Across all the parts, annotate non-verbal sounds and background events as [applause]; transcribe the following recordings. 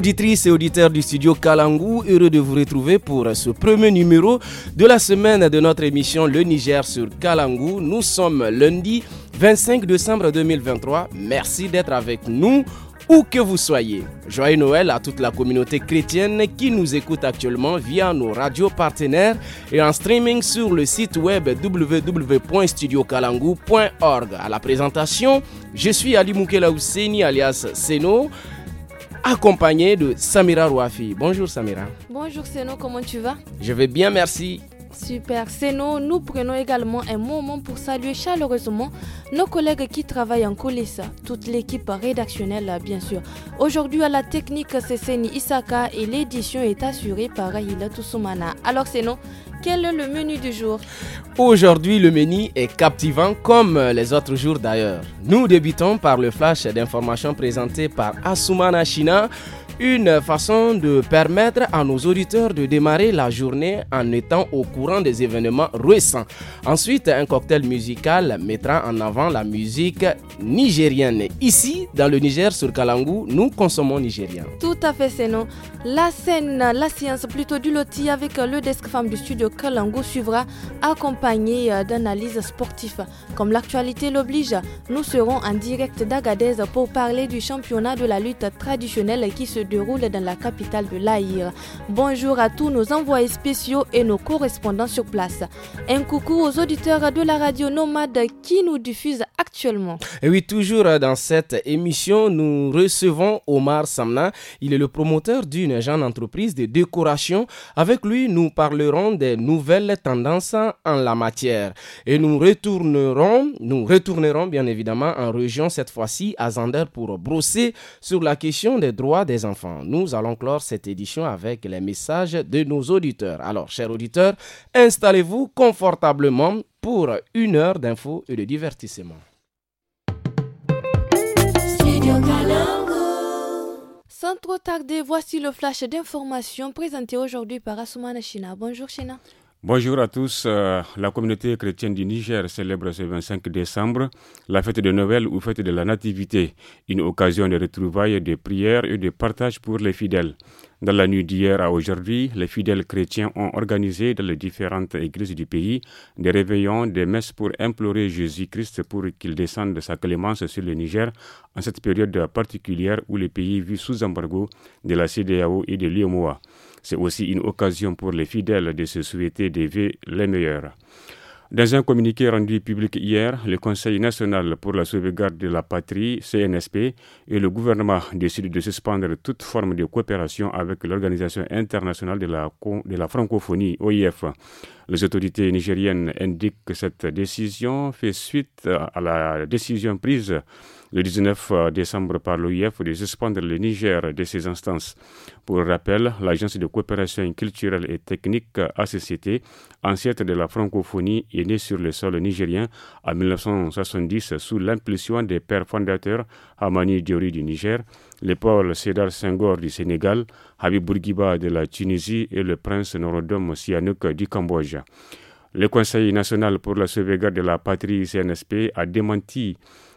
auditrices et auditeurs du studio Kalangou, heureux de vous retrouver pour ce premier numéro de la semaine de notre émission Le Niger sur Kalangou. Nous sommes lundi 25 décembre 2023. Merci d'être avec nous où que vous soyez. Joyeux Noël à toute la communauté chrétienne qui nous écoute actuellement via nos radios partenaires et en streaming sur le site web www.studiokalangu.org. À la présentation, je suis Ali Moukela alias Seno accompagné de Samira Rouafi. Bonjour Samira. Bonjour Seno, comment tu vas Je vais bien, merci. Super, Sénon, nous. prenons également un moment pour saluer chaleureusement nos collègues qui travaillent en coulisses, toute l'équipe rédactionnelle bien sûr. Aujourd'hui à la technique, c'est Seni Isaka et l'édition est assurée par Aïla Toussoumana. Alors Sénon, quel est le menu du jour Aujourd'hui, le menu est captivant comme les autres jours d'ailleurs. Nous débutons par le flash d'informations présenté par Asumana China une façon de permettre à nos auditeurs de démarrer la journée en étant au courant des événements récents. Ensuite, un cocktail musical mettra en avant la musique nigérienne. Ici, dans le Niger, sur Kalangu, nous consommons nigérien. Tout à fait, c'est non. La scène, la science plutôt du loti avec le desk femme du studio Kalangu suivra, accompagnée euh, d'analyses sportives. Comme l'actualité l'oblige, nous serons en direct d'Agadez pour parler du championnat de la lutte traditionnelle qui se déroule dans la capitale de l'Aïr. Bonjour à tous nos envoyés spéciaux et nos correspondants sur place. Un coucou aux auditeurs de la radio Nomade qui nous diffuse actuellement. Et oui, toujours dans cette émission, nous recevons Omar Samna. Il est le promoteur d'une jeune entreprise de décoration. Avec lui, nous parlerons des nouvelles tendances en la matière. Et nous retournerons, nous retournerons bien évidemment en région cette fois-ci à Zander pour brosser sur la question des droits des enfants nous allons clore cette édition avec les messages de nos auditeurs. Alors, chers auditeurs, installez-vous confortablement pour une heure d'infos et de divertissement. Sans trop tarder, voici le flash d'informations présenté aujourd'hui par Asumana China. Bonjour China. Bonjour à tous. Euh, la communauté chrétienne du Niger célèbre ce 25 décembre la fête de Noël ou fête de la Nativité, une occasion de retrouvailles, de prières et de partage pour les fidèles. Dans la nuit d'hier à aujourd'hui, les fidèles chrétiens ont organisé dans les différentes églises du pays des réveillons, des messes pour implorer Jésus-Christ pour qu'il descende de sa clémence sur le Niger en cette période particulière où le pays vit sous embargo de la CDAO et de l'IOMOA. C'est aussi une occasion pour les fidèles de se souhaiter des vœux les meilleurs. Dans un communiqué rendu public hier, le Conseil national pour la sauvegarde de la patrie, CNSP, et le gouvernement décident de suspendre toute forme de coopération avec l'Organisation internationale de la, de la francophonie, OIF. Les autorités nigériennes indiquent que cette décision fait suite à la décision prise le 19 euh, décembre par l'OIF de suspendre le Niger de ses instances. Pour rappel, l'Agence de coopération culturelle et technique ACCT, ancêtre de la francophonie, est née sur le sol nigérien en 1970 sous l'impulsion des pères fondateurs Amani Diori du Niger, le Paul Sédar Senghor du Sénégal, Habib Bourguiba de la Tunisie et le prince Norodom Sihanouk du Cambodge. Le Conseil national pour la sauvegarde de la patrie CNSP a démenti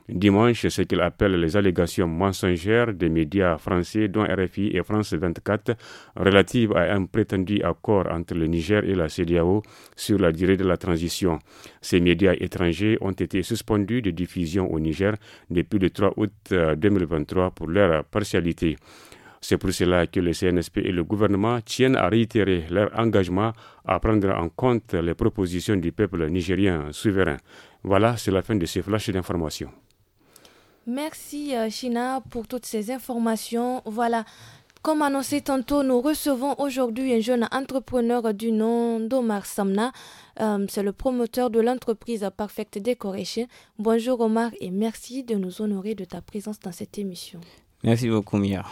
dimanche ce qu'il appelle les allégations mensongères des médias français dont RFI et France 24 relatives à un prétendu accord entre le Niger et la CDAO sur la durée de la transition. Ces médias étrangers ont été suspendus de diffusion au Niger depuis le 3 août 2023 euh, pour leur partialité. C'est pour cela que le CNSP et le gouvernement tiennent à réitérer leur engagement à prendre en compte les propositions du peuple nigérien souverain. Voilà, c'est la fin de ce flash d'informations. Merci euh, China pour toutes ces informations. Voilà, comme annoncé tantôt, nous recevons aujourd'hui un jeune entrepreneur du nom d'Omar Samna. Euh, c'est le promoteur de l'entreprise Perfect Decoration. Bonjour Omar et merci de nous honorer de ta présence dans cette émission. Merci beaucoup Mia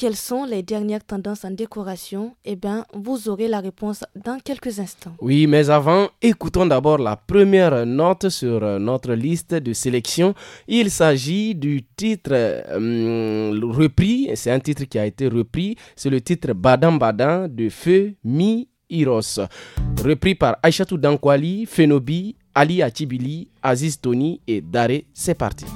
quelles sont les dernières tendances en décoration Eh bien, vous aurez la réponse dans quelques instants. Oui, mais avant, écoutons d'abord la première note sur euh, notre liste de sélection. Il s'agit du titre euh, repris, c'est un titre qui a été repris, c'est le titre Badam Badan de Feu Mi Iros, repris par Aishatu Dankwali, Fenobi, Ali Achibili, Aziz Tony et Dare, C'est parti.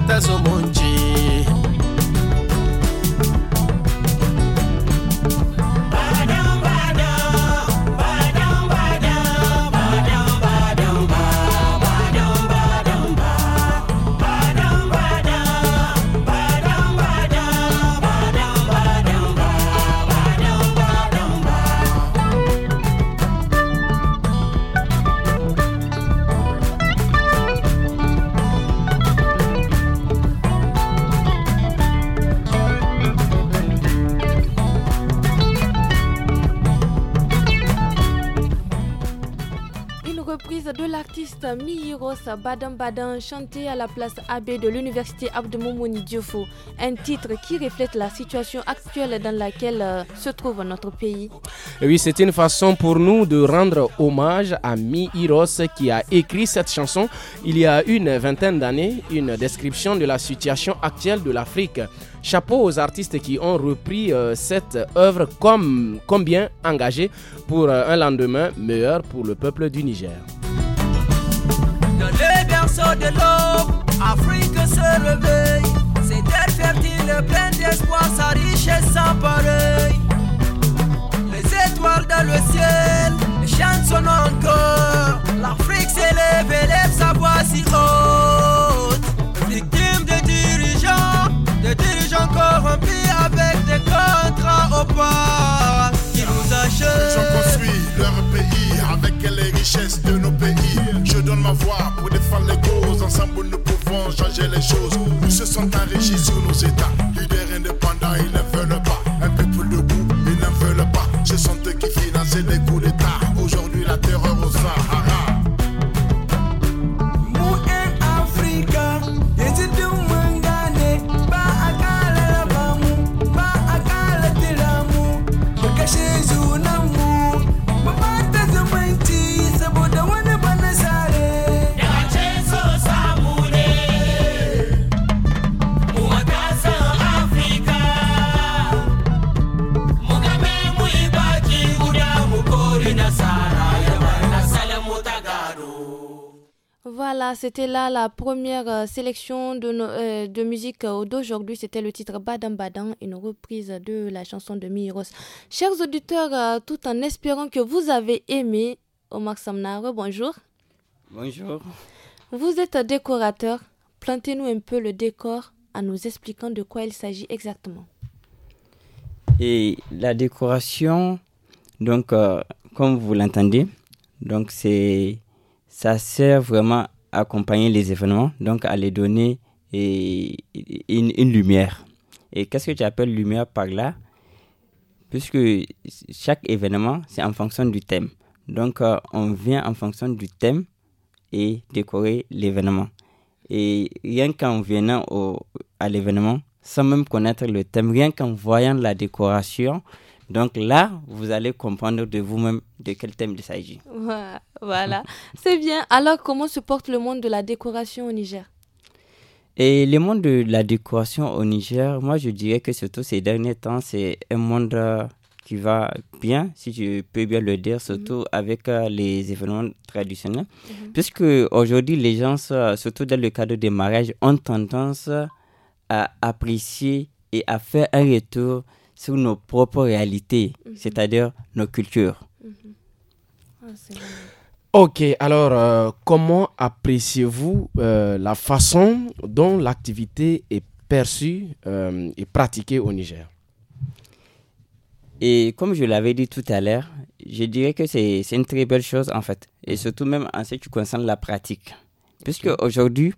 matas o monte l'artiste Mihiros Badambadan chanté à la place AB de l'université Abdoumouni Diofo, un titre qui reflète la situation actuelle dans laquelle euh, se trouve notre pays. oui, c'est une façon pour nous de rendre hommage à Mihiros qui a écrit cette chanson il y a une vingtaine d'années, une description de la situation actuelle de l'Afrique. Chapeau aux artistes qui ont repris euh, cette œuvre comme combien engagés pour euh, un lendemain meilleur pour le peuple du Niger. Le les berceaux de l'aube, Afrique se réveille. C'est terres fertile, pleine d'espoir, sa richesse sans pareil. Les étoiles dans le ciel chants son encore. L'Afrique s'élève, lève sa voix si haute. Victime de dirigeants, des dirigeants corrompus avec des contrats au pas. c'était là la première euh, sélection de, euh, musique euh, d'aujourd'hui. C'était le titre Badam Badam, une reprise de la chanson de Miros. Chers auditeurs, tout en espérant que vous avez aimé, Omar Samnaro, bonjour. Bonjour. Vous êtes un décorateur. Plantez-nous un peu le décor en nous expliquant de quoi il s'agit exactement. Et la décoration, donc, comme vous l'entendez, donc c'est, ça sert vraiment accompagner les événements, donc à les donner et une, lumière. Et qu'est-ce que tu appelles lumière par là Puisque chaque événement, c'est en fonction du thème. Donc, euh, on vient en fonction du thème et décorer l'événement. Et rien qu'en venant à l'événement, sans même connaître le thème, rien qu'en voyant la décoration, donc là, vous allez comprendre de vous-même de quel thème il s'agit. Voilà, [laughs] c'est bien. Alors, comment se porte le monde de la décoration au Niger et le monde de la décoration au Niger, moi je dirais que surtout ces derniers temps, c'est un monde euh, qui va bien, si je peux bien le dire, surtout mhm. avec euh, les événements traditionnels. Mhm. Puisque aujourd'hui, les gens, euh, surtout dans le cadre des mariages, ont tendance à apprécier et à faire un retour sur nos propres réalités, mhm. c'est-à-dire nos cultures. Mhm. Ah, ok, alors euh, comment appréciez-vous euh, la façon dont l'activité est perçue euh, et pratiquée au Niger Et comme je l'avais dit tout à l'heure, je dirais que c'est une très belle chose en fait, et surtout même en ce qui concerne la pratique. Puisque aujourd'hui,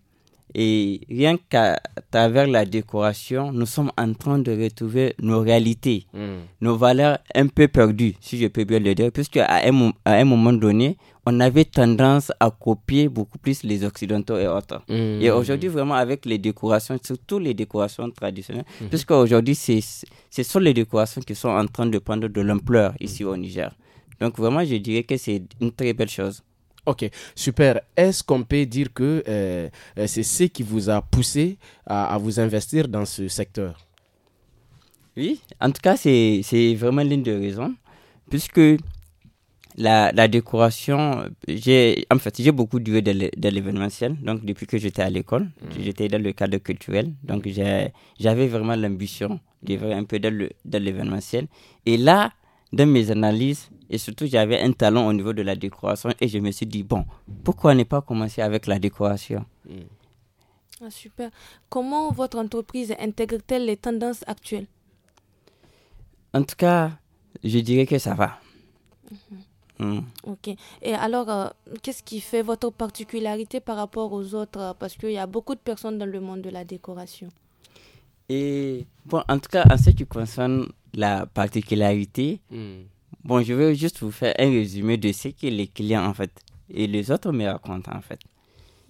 et rien qu'à travers la décoration, nous sommes en train de retrouver nos réalités, hmm. nos valeurs un peu perdues, si je peux bien le dire, puisque à un, à un moment donné, on avait tendance à copier beaucoup plus les Occidentaux et autres. Hmm. Et aujourd'hui, vraiment, avec les décorations, surtout les décorations traditionnelles, puisqu'aujourd'hui hmm. puisque aujourd'hui, ce sont les décorations qui sont en train de prendre de l'ampleur ici au Niger. Donc, vraiment, je dirais que c'est une très belle chose. Ok, super. Est-ce qu'on peut dire que euh, euh, c'est ce qui vous a poussé à, vous investir dans ce secteur Oui, en tout cas, c'est vraiment l'une des raisons, puisque la, décoration, j'ai en fait, j'ai beaucoup duré de l'événementiel, donc depuis que j'étais à l'école, mm. j'étais dans le cadre culturel, donc j'avais vraiment l'ambition d'être un peu dans l'événementiel. Et là, dans mes analyses, et surtout, j'avais un talent au niveau de la décoration et je me suis dit, bon, pourquoi ne pas commencer avec la décoration ah, Super. Comment votre entreprise intègre-t-elle les tendances actuelles En tout cas, je dirais que ça va. Mm-hmm. Mm. Ok. Et alors, euh, qu'est-ce qui fait votre particularité par rapport aux autres Parce qu'il y a beaucoup de personnes dans le monde de la décoration. Et bon, en tout cas, en ce qui concerne la particularité, mm. Bon, je vais juste vous faire un résumé de ce que les clients, en fait, et les autres me racontent, en fait.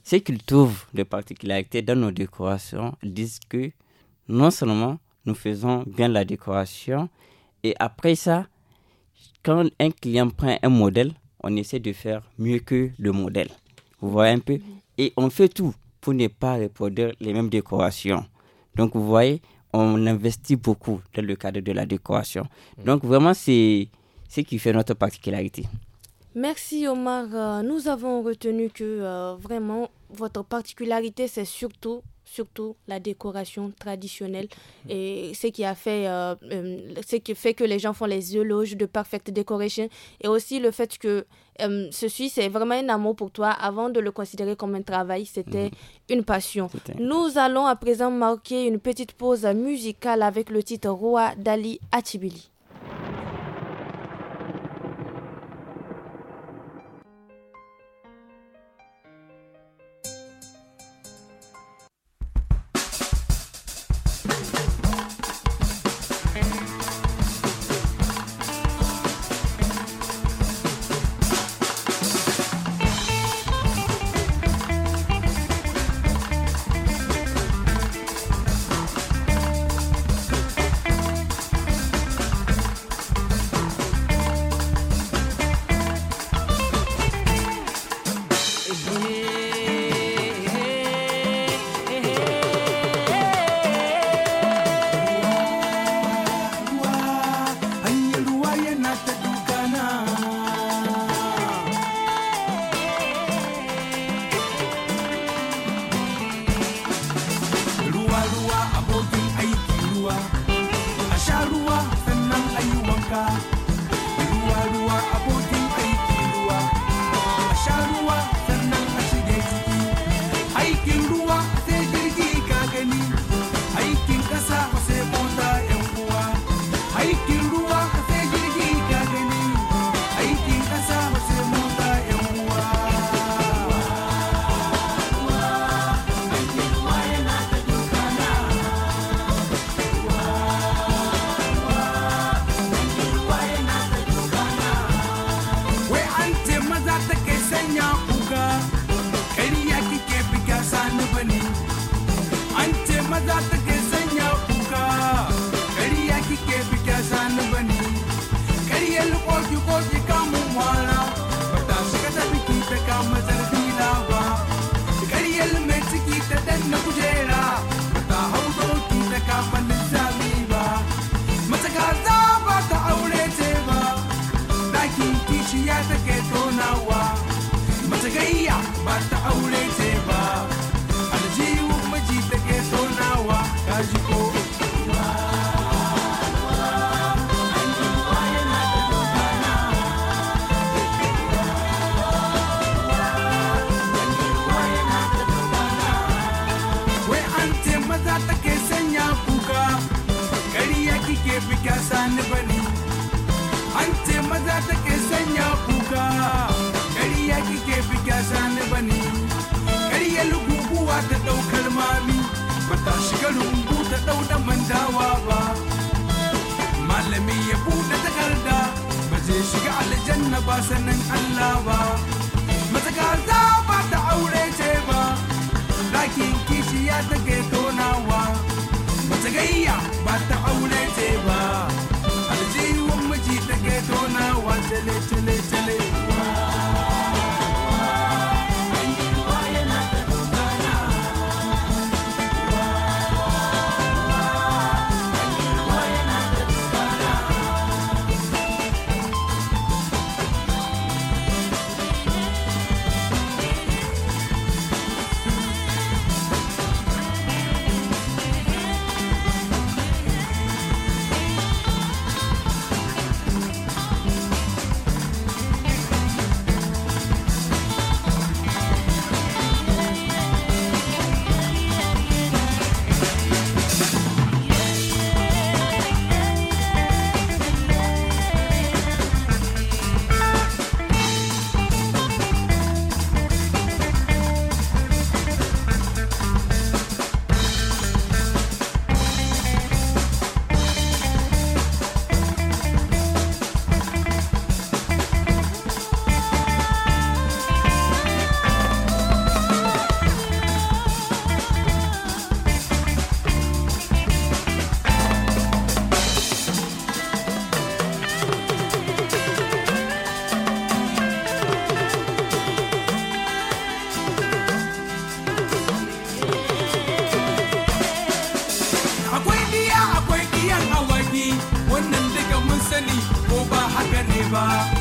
Ce qu'ils trouvent de particularité dans nos décorations, ils disent que non seulement nous faisons bien la décoration, et après ça, quand un client prend un modèle, on essaie de faire mieux que le modèle. Vous voyez un peu Et on fait tout pour ne pas reproduire les mêmes décorations. Donc, vous voyez, on investit beaucoup dans le cadre de la décoration. Mm. Donc, vraiment, c'est ce qui fait notre particularité. Merci Omar. Euh, nous avons retenu que euh, vraiment votre particularité, c'est surtout surtout la décoration traditionnelle et ce qui a fait euh, qui fait que les gens font les éloges de perfect décoration et aussi le fait que ceci c'est vraiment un amour pour toi avant de le considérer comme un travail c'était mhm. une passion nous allons à présent marquer une petite pause musicale avec le titre Roi d'Ali Atibili maza take sanya kuka ƙarya kike fi sani bane ƙarya lukukuwa ta ɗaukar mami ta shiga rumbu ta ɗauda mandawa ba malami ya buɗe takarda ba zai shiga aljanna ba sanin Allah ba mataka za ba ta aure ce ba ɗakin kishiya take tonawa matagayya ba ta aure ce ba aljihu Take it on now, chele chele chele. goodbye.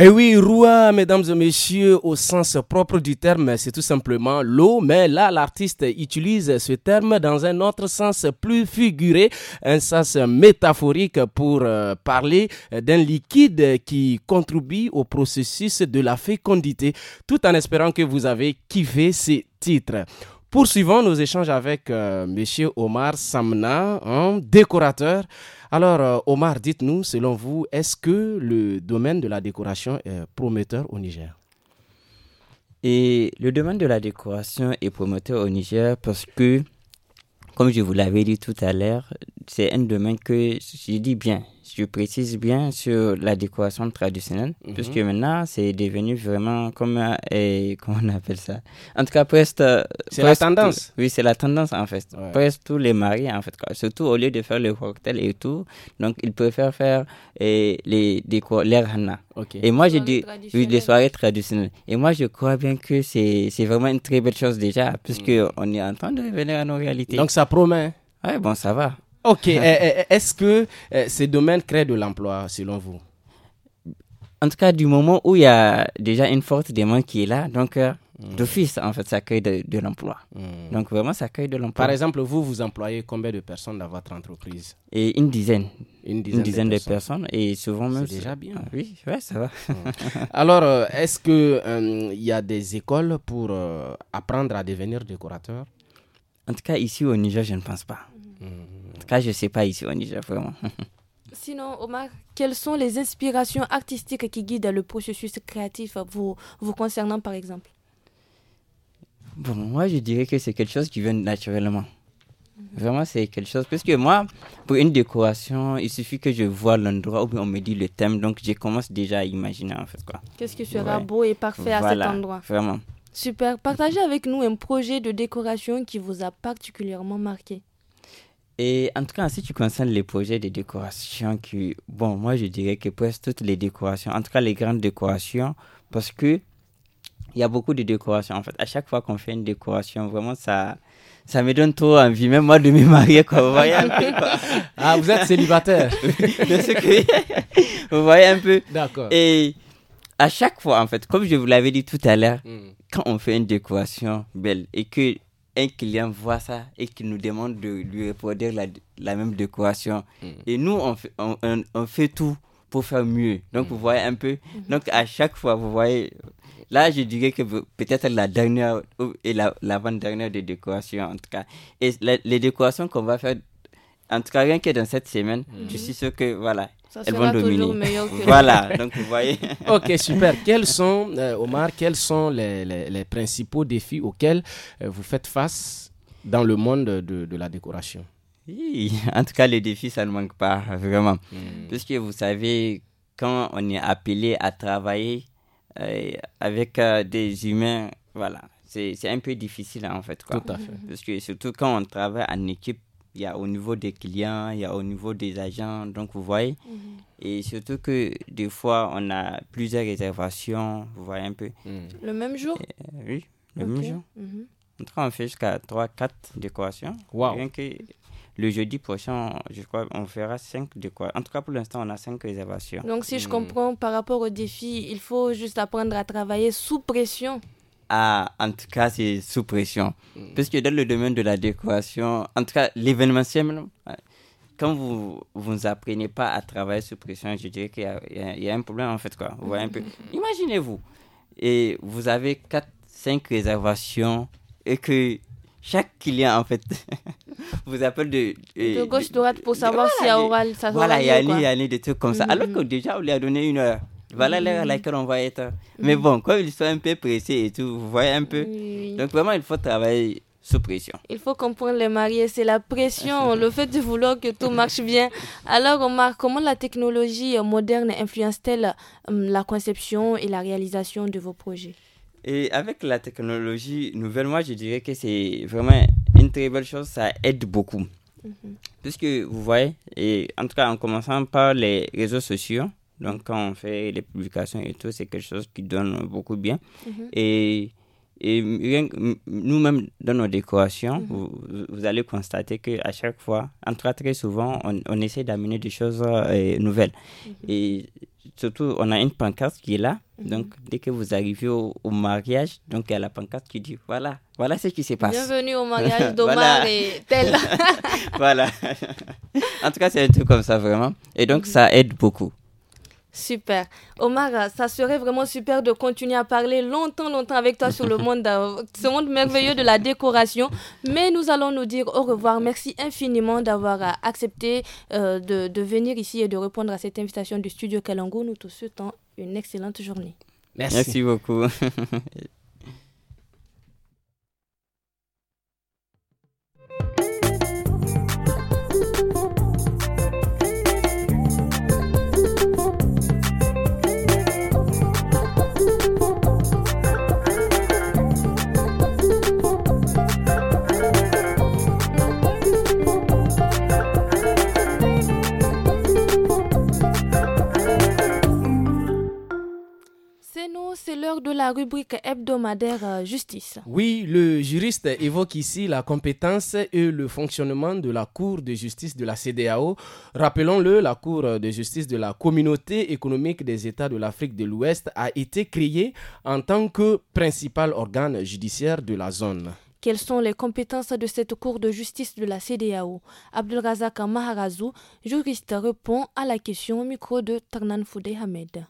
Eh oui, Roua, mesdames et messieurs, au sens propre du terme, c'est tout simplement l'eau, mais là, l'artiste utilise ce terme dans un autre sens plus figuré, un sens métaphorique pour euh, parler euh, d'un liquide qui contribue au processus de la fécondité, tout en espérant que vous avez kiffé ces titres. Poursuivons nos échanges avec euh, M. Omar Samna, décorateur. Alors, euh, Omar, dites-nous, selon vous, est-ce que le domaine de la décoration est prometteur au Niger Et le domaine de la décoration est prometteur au Niger parce que, comme je vous l'avais dit tout à l'heure, c'est un domaine que je dis bien, je précise bien sur la décoration traditionnelle, mhm. puisque maintenant c'est devenu vraiment comme, euh, et [laughs] comment on appelle ça En tout cas, presque. Euh, c'est la tendance Oui, c'est la tendance en fait. Presque tous les mariés en fait, surtout au lieu de faire le cocktail et tout, donc ils préfèrent faire les décors, l'air Hana. Et moi, je dis, des soirées traditionnelles. Et moi, je crois bien que c'est vraiment une très belle chose déjà, puisque mm. on est en train de revenir à nos réalités. Donc ça promet. Hein. Oui, bon, ça va. Ok, eh, eh, eh, est-ce que ces domaines créent de l'emploi selon vous En tout cas, du moment où il y a déjà une forte demande qui est là, donc euh, hmm. d'office, en fait, ça crée de, l'emploi. Hmm. Donc vraiment, ça crée de l'emploi. Par exemple, vous, vous employez combien de personnes dans votre entreprise Et une dizaine. Une dizaine, de, personnes. et souvent même. C'est déjà bien. Ah oui, ouais, ça va. Hmm. Alors, euh, est-ce qu'il euh, il y a des écoles pour apprendre à devenir décorateur En tout cas, ici au Niger, je ne pense pas je ne sais pas ici au Niger, vraiment. [laughs] Sinon, Omar, quelles sont les inspirations artistiques qui guident le processus créatif vous, concernant, par exemple Bon, moi, je dirais que c'est quelque chose qui vient naturellement. Vraiment, c'est quelque chose. Parce que moi, pour une décoration, il suffit que je vois l'endroit où on me dit le thème. Donc, je commence déjà à imaginer, en fait. Qu'est-ce que qui sera beau et parfait à cet endroit Vraiment. Super. Partagez avec nous un projet de décoration qui vous a particulièrement marqué. Et en tout cas, si tu concernes les projets de décoration, qui, bon, moi je dirais que presque toutes les décorations, en tout cas les grandes décorations, parce que il y a beaucoup de décorations. En fait, à chaque fois qu'on fait une décoration, vraiment ça, ça me donne trop envie, même moi de me marier, quoi. Vous voyez un peu, [laughs] Ah, vous êtes célibataire. [laughs] [laughs] vous voyez un peu. D'accord. Et à chaque fois, en fait, comme je vous l'avais dit tout à l'heure, hmm. quand on fait une décoration belle et que un client voit ça et qu'il nous demande de lui reproduire la, la même décoration. Mm. Et nous, on fait, on, fait, tout pour faire mieux. Donc, mm. vous voyez un peu. Mm-hmm. Donc, à chaque fois, vous voyez. Là, je dirais que peut-être la dernière et la l'avant-dernière la, des décorations, en tout cas. Et les décorations qu'on va faire en tout cas, rien que dans cette semaine, mhm. je suis sûr que voilà, elles vont dominer. voilà, donc vous voyez. [laughs] ok, super. Quels sont, euh, Omar, quels sont les, les, principaux défis auxquels euh, vous faites face dans le monde de, de la décoration En tout cas, les défis, ça ne manque pas, vraiment. Hmm. Parce que vous savez, quand on est appelé à travailler euh, avec des humains, voilà, c'est un peu difficile en fait. Tout à fait. Parce que surtout quand on travaille en équipe, il y a au niveau des clients, il y a au niveau des agents, donc vous voyez. Mhm. Et surtout que des fois, on a plusieurs réservations, vous voyez un peu. Hmm. Le même jour euh, Oui, le même jour. tout mhm. cas, On fait jusqu'à 3-4 décorations. Rien que le jeudi prochain, je crois, on fera 5 décorations. En tout cas, pour l'instant, on a 5 réservations. Donc, si je hmm. comprends, par rapport au défi, il faut juste apprendre à travailler sous pression en tout cas, c'est sous pression Parce que dans le domaine de la décoration, en tout cas, l'événementiel, quand vous vous apprenez pas à travailler sous pression, je dirais qu'il y, y, a un problème en fait. Quoi. Vous voyez un peu. [laughs] Imaginez-vous, et vous avez 4, 5 réservations et que chaque client en fait [laughs] vous appelle de, de, gauche droite pour savoir si à oral ça voilà il y a des trucs comme ça mm-hmm. alors que déjà on lui a donné une heure voilà l'heure à laquelle on va être. Mais mm. bon, quand ils sont un peu pressés et tout, vous voyez un peu. Donc vraiment, il faut travailler sous pression. Il faut comprendre les mariés, c'est la pression, [laughs] le fait de vouloir que tout marche bien. Alors Omar, comment la technologie moderne influence-t-elle hum, la conception et la réalisation de vos projets Et avec la technologie nouvelle, moi je dirais que c'est vraiment une très belle chose, ça aide beaucoup. Parce mhm. que Puisque vous voyez, et en tout cas en commençant par les réseaux sociaux, donc, quand on fait les publications et tout, c'est quelque chose qui donne beaucoup bien. Mhm. Et, et nous-mêmes, dans nos décorations, mhm. vous, allez constater qu'à chaque fois, en tout cas très souvent, on, essaie d'amener des choses euh, nouvelles. Mhm. Et surtout, on a une pancarte qui est là. Donc, dès que vous arrivez au, mariage, donc il y a la pancarte qui dit voilà, voilà ce qui se passe. Bienvenue au mariage [laughs] d'Omar et tel. [laughs] voilà. [laughs] en tout cas, c'est un truc comme ça vraiment. Et donc, ça aide beaucoup. Super. Omar, ça serait vraiment super de continuer à parler longtemps, longtemps avec toi sur le monde, euh, ce monde merveilleux de la décoration. Mais nous allons nous dire au revoir. Merci infiniment d'avoir euh, accepté euh, de, de, venir ici et de répondre à cette invitation du studio Kalango. Nous te souhaitons une excellente journée. Merci, Merci beaucoup. [laughs] c'est l'heure de la rubrique hebdomadaire euh, justice. Oui, le juriste évoque ici la compétence et le fonctionnement de la Cour de justice de la CDAO. Rappelons-le, la Cour de justice de la Communauté économique des États de l'Afrique de l'Ouest a été créée en tant que principal organe judiciaire de la zone. Quelles sont les compétences de cette Cour de justice de la CDAO Abdelrazak Maharazou, juriste, répond à la question au micro de Tarnan Foudé Hamed.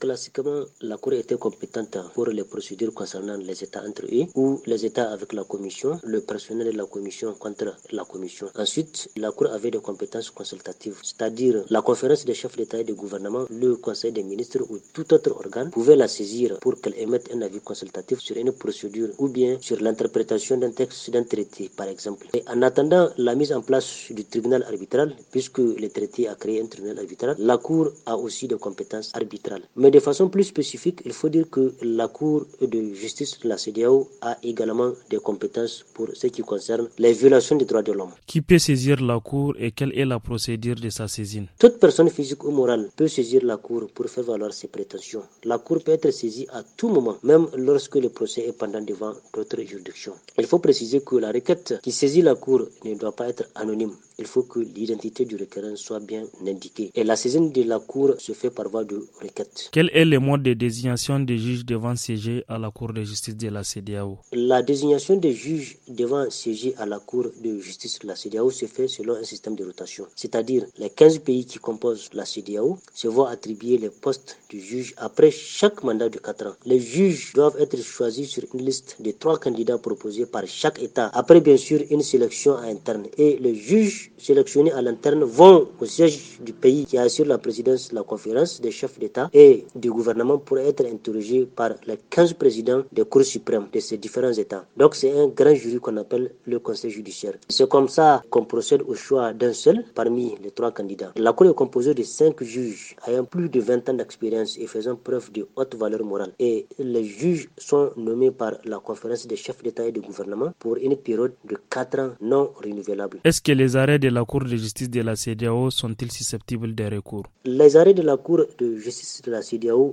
Classiquement, la Cour était compétente pour les procédures concernant les États entre eux ou les États avec la Commission, le personnel de la Commission contre la Commission. Ensuite, la Cour avait des compétences consultatives, c'est-à-dire la conférence des chefs d'État et de gouvernement, le Conseil des ministres ou tout autre organe pouvait la saisir pour qu'elle émette un avis consultatif sur une procédure ou bien sur l'interprétation d'un texte d'un traité, par exemple. Et en attendant la mise en place du tribunal arbitral, puisque le traité a créé un tribunal arbitral, la Cour a aussi des compétences arbitrales. Mais de façon plus spécifique, il faut dire que la Cour de justice de la CDAO a également des compétences pour ce qui concerne les violations des droits de l'homme. Qui peut saisir la Cour et quelle est la procédure de sa saisine Toute personne physique ou morale peut saisir la Cour pour faire valoir ses prétentions. La Cour peut être saisie à tout moment, même lorsque le procès est pendant devant d'autres juridictions. Il faut préciser que la requête qui saisit la Cour ne doit pas être anonyme. Il faut que l'identité du requérant soit bien indiquée. Et la saisine de la Cour se fait par voie de requête. Quel est le mode de désignation des juges devant siéger à la Cour de justice de la CDAO La désignation des juges devant siéger à la Cour de justice de la CDAO se fait selon un système de rotation. C'est-à-dire, les 15 pays qui composent la CDAO se voient attribuer les postes du juge après chaque mandat de 4 ans. Les juges doivent être choisis sur une liste de trois candidats proposés par chaque État, après bien sûr une sélection interne. Et les juges sélectionnés à l'interne vont au siège du pays qui assure la présidence de la conférence des chefs d'État et du gouvernement pourrait être interrogé par les 15 présidents des cours suprêmes de ces différents États. Donc c'est un grand jury qu'on appelle le Conseil judiciaire. C'est comme ça qu'on procède au choix d'un seul parmi les trois candidats. La Cour est composée de cinq juges ayant plus de 20 ans d'expérience et faisant preuve de haute valeur morale. Et les juges sont nommés par la conférence des chefs d'État et de gouvernement pour une période de 4 ans non renouvelable. Est-ce que les arrêts de la Cour de justice de la CDAO sont-ils susceptibles de recours Les arrêts de la Cour de justice de la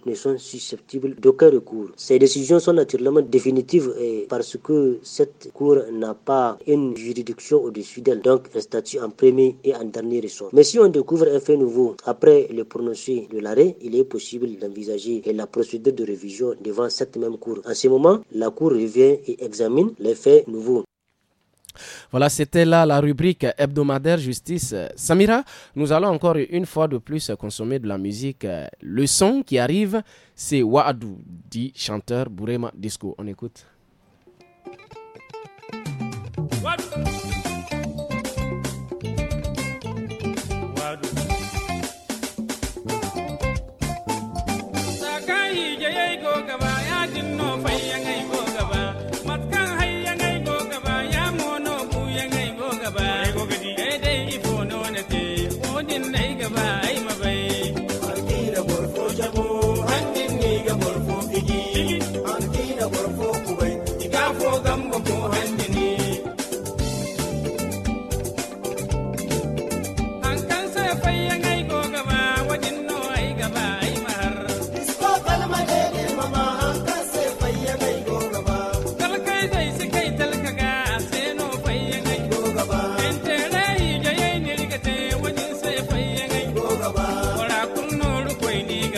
ne sont susceptibles d'aucun recours. Ces décisions sont naturellement définitives parce que cette Cour n'a pas une juridiction au-dessus d'elle, donc un statut en premier et en dernier ressort. Mais si on découvre un fait nouveau après le prononcé de l'arrêt, il est possible d'envisager la procédure de révision devant cette même Cour. En ce moment, la Cour revient et examine les faits nouveaux. Voilà, c'était là la rubrique hebdomadaire justice. Euh, Samira, nous allons encore une fois de plus consommer de la musique. Euh, le son qui arrive, c'est Wadou, dit chanteur Burema Disco. On écoute.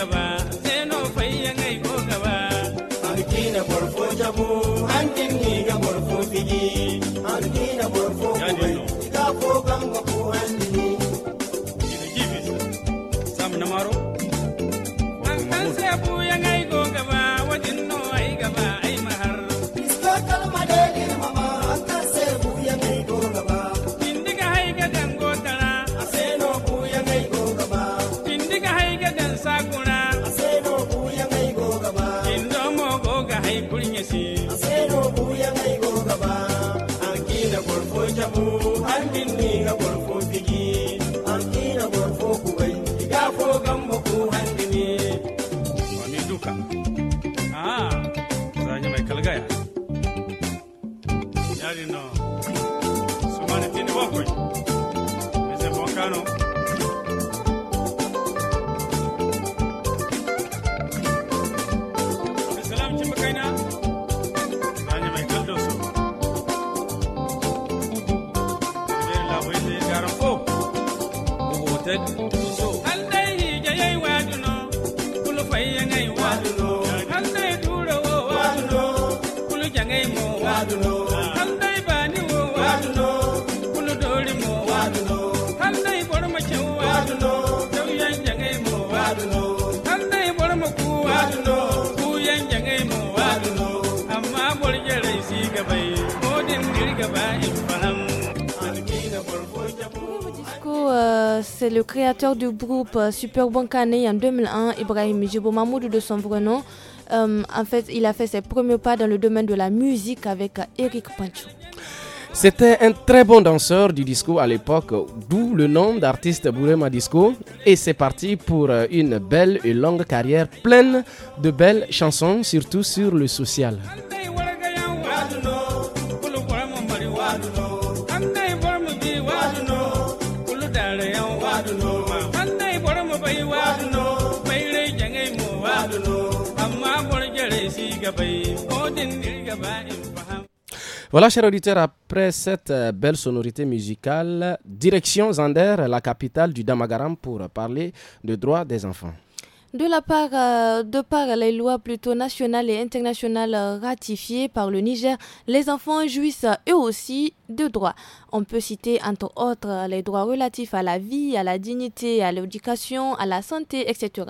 Vagabond. disco euh, c'est le créateur du groupe euh, Super Bancané en 2001, Ibrahim Jibo de son vrai nom. Euh, en fait, il a fait ses premiers pas dans le domaine de la musique avec Eric Pancho. C'était un très bon danseur du disco à l'époque, d'où le nom d'artiste Bourema Disco. Et c'est parti pour une belle et longue carrière pleine de belles chansons, surtout sur le social. Oh, voilà, chers auditeurs, après cette euh, belle sonorité musicale, direction Zander, la capitale du Damagaram, pour parler de droits des enfants de la part, euh, de par les lois plutôt nationales et internationales ratifiées par le Niger, les enfants jouissent eux aussi de droits. On peut citer entre autres les droits relatifs à la vie, à la dignité, à l'éducation, à la santé, etc.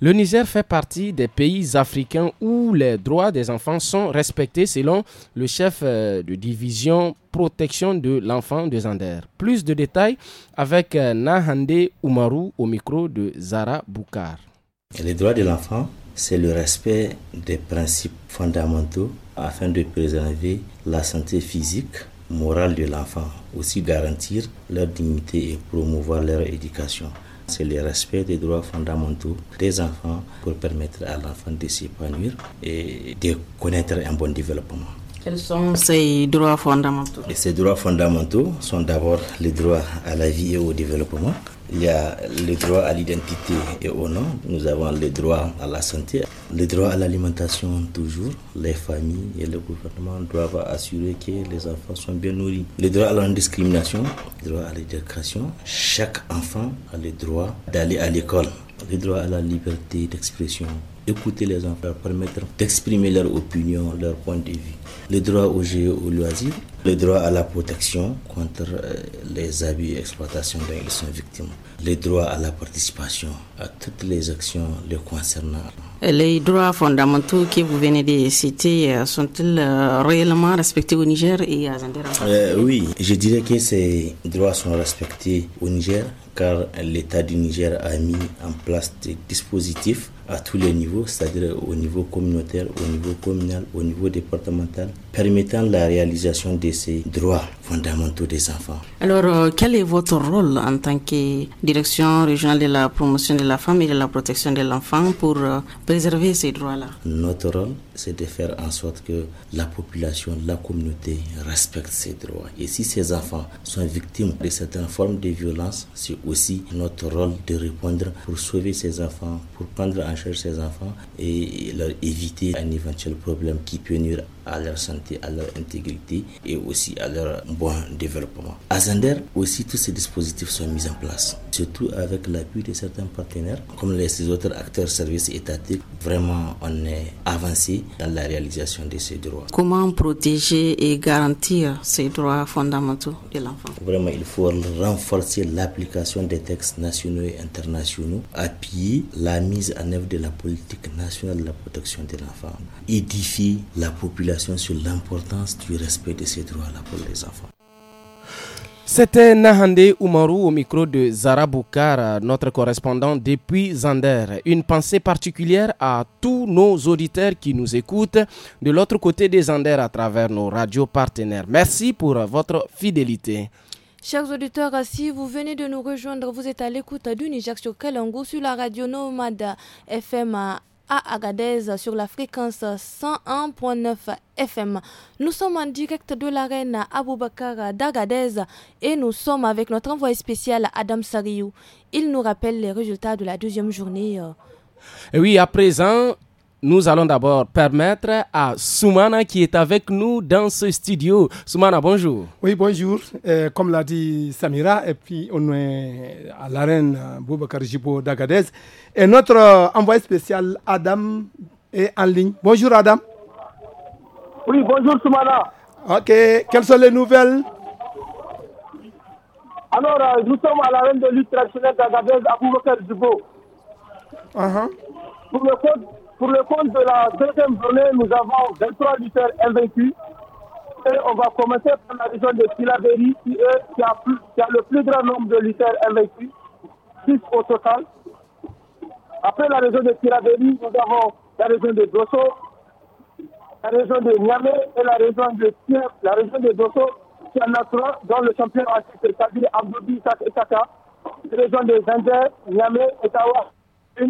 Le Niger fait partie des pays africains où les droits des enfants sont respectés selon le chef euh, de division protection de l'enfant de Zander. Plus de détails avec euh, Nahande Oumarou au micro de Zara Boukar. Les droits de l'enfant, c'est le respect des principes fondamentaux afin de préserver la santé physique, morale de l'enfant, aussi garantir leur dignité et promouvoir leur éducation. C'est le respect des droits fondamentaux des enfants pour permettre à l'enfant de s'épanouir et de connaître un bon développement. Quels sont ces droits fondamentaux et Ces droits fondamentaux sont d'abord les droits à la vie et au développement, il y a le droit à l'identité et au nom. Nous avons le droit à la santé, le droit à l'alimentation toujours. Les familles et le gouvernement doivent assurer que les enfants sont bien nourris. Le droit à l'indiscrimination, discrimination, le droit à l'éducation. Chaque enfant a le droit d'aller à l'école, le droit à la liberté d'expression, écouter les enfants, permettre d'exprimer leur opinion, leur point de vue. Le droit au jeu, au loisir, le droit à la protection contre euh, les abus et exploitations dont ils sont victimes, le droit à la participation à toutes les actions les concernant. Les droits fondamentaux que vous venez de citer euh, sont-ils euh, réellement respectés au Niger et à Zandera Oui, je dirais que ces droits sont respectés au Niger car l'État du Niger a mis en place des dispositifs à tous les niveaux, c'est-à-dire au niveau communautaire, au niveau communal, au niveau départemental, permettant la réalisation de ces droits fondamentaux des enfants. Alors, euh, quel est votre rôle en tant que direction régionale de la promotion de la femme et de la protection de l'enfant pour euh, préserver ces droits-là Notre rôle, c'est de faire en sorte que la population, la communauté respecte ces droits. Et si ces enfants sont victimes de certaines formes de violence, c'est aussi notre rôle de répondre pour sauver ces enfants, pour prendre en charge ces enfants et leur éviter un éventuel problème qui peut nuire à leur santé, à leur intégrité et aussi à leur bon développement. À Zender, aussi, tous ces dispositifs sont mis en place, surtout avec l'appui de certains partenaires, comme les autres acteurs services étatiques. Vraiment, on est avancé dans la réalisation de ces droits. Comment protéger et garantir ces droits fondamentaux de l'enfant Vraiment, il faut renforcer l'application des textes nationaux et internationaux, appuyer la mise en œuvre de la politique nationale de la protection de l'enfant, édifier la population sur l'importance du respect de ces droits-là pour les enfants. C'était Nahande Oumarou au micro de Zara Boukar, notre correspondant depuis Zander. Une pensée particulière à tous nos auditeurs qui nous écoutent de l'autre côté des Zander à travers nos radios partenaires. Merci pour votre fidélité. Chers auditeurs, si vous venez de nous rejoindre, vous êtes à l'écoute du Niger sur sur la radio Nomada FM à Agadez sur la fréquence 101.9 FM. Nous sommes en direct de l'arène Aboubakar d'Agadez et nous sommes avec notre envoyé spécial Adam Sariou. Il nous rappelle les résultats de la deuxième journée. Oui, à présent, nous allons d'abord permettre à Soumana qui est avec nous dans ce studio. Soumana, bonjour. Oui, bonjour. Euh, comme l'a dit Samira, et puis on est à l'arène euh, Boubacar Jibo d'Agadez. Et notre euh, envoyé spécial, Adam, est en ligne. Bonjour, Adam. Oui, bonjour, Soumana. Ok, quelles sont les nouvelles Alors, nous sommes à l'arène de lutte traditionnelle d'Agadez à Boubacar uh-huh. Pour le code, pour le compte de la deuxième journée, nous avons 23 lutteurs invaincus. Et on va commencer par la région de Silaveri, qui, est, a le plus grand nombre de lutteurs invaincus, 6 au total. Après la région de Silaveri, nous avons la région de Dosso, la région de Niamey et la région de la région de Dosso, qui en a trois, dont le champion a c'est-à-dire Abdoubi, Sak et Kaka, la région de Zender, Niamey et Tawa. La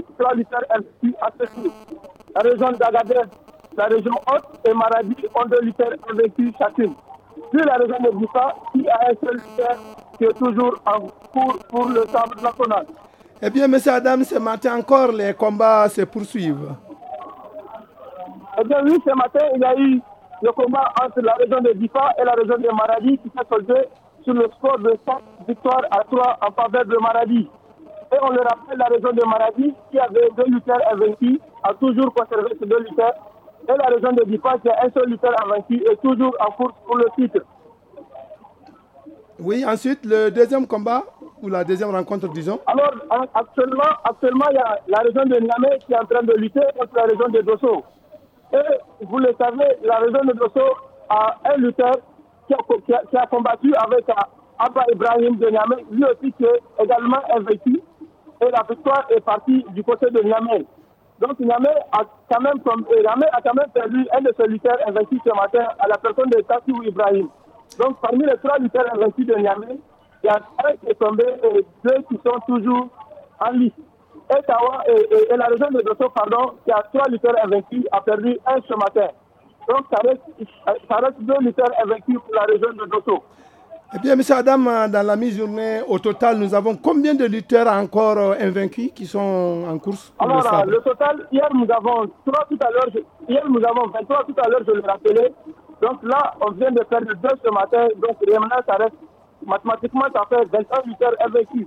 région d'Agadez, la région Haute et Maradi ont deux lutteurs investis chacune. Puis la région de Boussa, qui a un seul lutteur qui est toujours en cours pour le temps national. Eh bien, messieurs Adam, ce matin encore, les combats se poursuivent. Eh bien, oui, ce matin, il y a eu le combat entre la région de Bifa et la région de Maradi qui s'est soldé sur le score de 5 victoires à 3 en faveur de Maradi. Et on le rappelle, la région de Maradi, qui avait deux lutteurs invaincus, a toujours conservé ces deux lutteurs. Et la région de Dipas, qui a un seul lutteur invaincu, est toujours en course pour le titre. Oui, ensuite, le deuxième combat, ou la deuxième rencontre, disons Alors, actuellement, actuellement, il y a la région de Niamey qui est en train de lutter contre la région de Dosso. Et vous le savez, la région de Dosso a un lutteur qui a, qui a combattu avec euh, Abba Ibrahim de Niamey, lui aussi qui est également invaincu et la victoire est partie du côté de Niamey. Donc Niamey a quand même, perdu un de ses lutteurs invaincus ce matin à la personne de Tassou Ibrahim. Donc parmi les trois lutteurs invaincus de Niamey, il y a un qui est tombé et deux qui sont toujours en lice. Et, et, la région de Dosso, pardon, qui a trois lutteurs invaincus, a perdu un ce matin. Donc ça reste, ça reste deux lutteurs invaincus pour la région de Dosso. Eh bien, Monsieur Adam, dans la mi-journée, au total, nous avons combien de lutteurs encore euh, invaincus qui sont en course Alors, le, le, total, hier, nous avons trois tout à l'heure. Hier, nous avons 23 tout à l'heure, je le rappelais. Donc là, on vient de faire le 2 ce matin. Donc, maintenant, ça reste, mathématiquement, ça fait 23 lutteurs invaincus.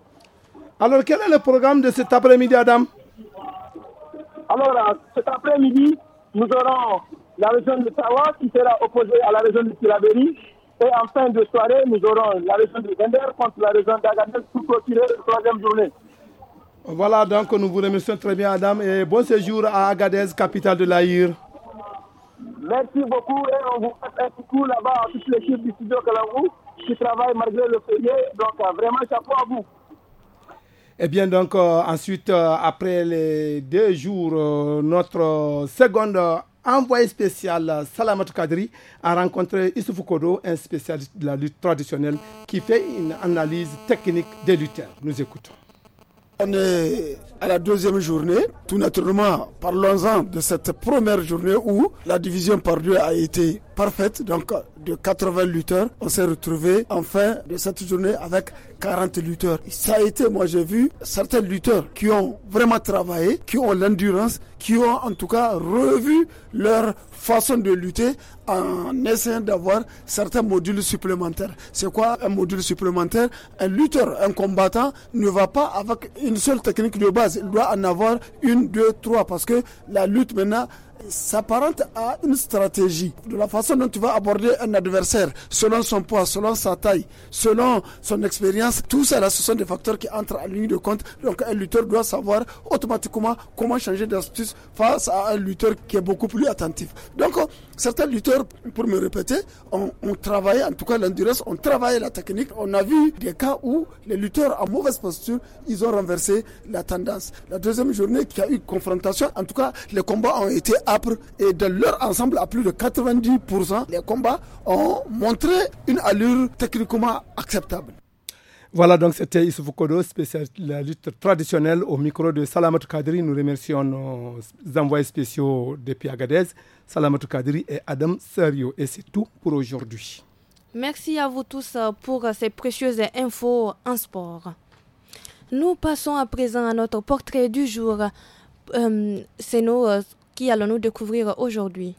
Alors, quel est le programme de cet après-midi, Adam Alors, euh, cet après-midi, nous aurons la région de Tawa qui sera opposée à la région de Tilaberi. Et en fin de soirée, nous aurons la région de Gender contre la région d'Agadez pour continuer la troisième journée. Voilà, donc nous vous remercions très bien, Adam, et bon séjour à Agadez, capitale de l'Aïr. Merci beaucoup, et on vous passe un coucou là-bas à toute l'équipe du studio Kalangou qui travaille malgré le férié. Donc, euh, vraiment, chapeau à vous. Et eh bien donc euh, ensuite, euh, après les deux jours, notre seconde envoyé spécial Salamat Kadri a rencontré Issoufou Kodo, un spécialiste de la lutte traditionnelle qui fait une analyse technique des lutteurs. Nous écoutons. On est à la deuxième journée. Tout naturellement, parlons-en de cette première journée où la division par deux a été parfaite, donc de 80 lutteurs. On s'est retrouvé en fin de cette journée avec 40 lutteurs. Ça a été, moi j'ai vu, certains lutteurs qui ont vraiment travaillé, qui ont l'endurance, qui ont en tout cas revu leur façon de lutter en essayant d'avoir certains modules supplémentaires. C'est quoi un module supplémentaire Un lutteur, un combattant ne va pas avec une seule technique de base. Il doit en avoir une, deux, trois parce que la lutte maintenant s'apparente à une stratégie. De la façon dont tu vas aborder un adversaire, selon son poids, selon sa taille, selon son expérience, tout ça, ce sont des facteurs qui entrent en ligne de compte. Donc un lutteur doit savoir automatiquement comment changer d'astuce face à un lutteur qui est beaucoup plus attentif. Donc certains lutteurs, pour me répéter, ont, travaillé, en tout cas l'endurance, ont travaillé la technique. On a vu des cas où les lutteurs en mauvaise posture, ils ont renversé la tendance. La deuxième journée qui a eu confrontation, en tout cas, les combats ont été âpres et de leur ensemble à plus de 90%, les combats ont montré une allure techniquement acceptable. Voilà, donc c'était Issoufou Kodo, spécialiste la lutte traditionnelle au micro de Salamatou Kadri. Nous remercions nos envoyés spéciaux depuis Agadez, Salamatou Kadri et Adam Serio. Et c'est tout pour aujourd'hui. Merci à vous tous euh, pour ces précieuses infos en sport. Nous passons à présent à notre portrait du jour. Euh, c'est nous euh, qui allons nous découvrir aujourd'hui.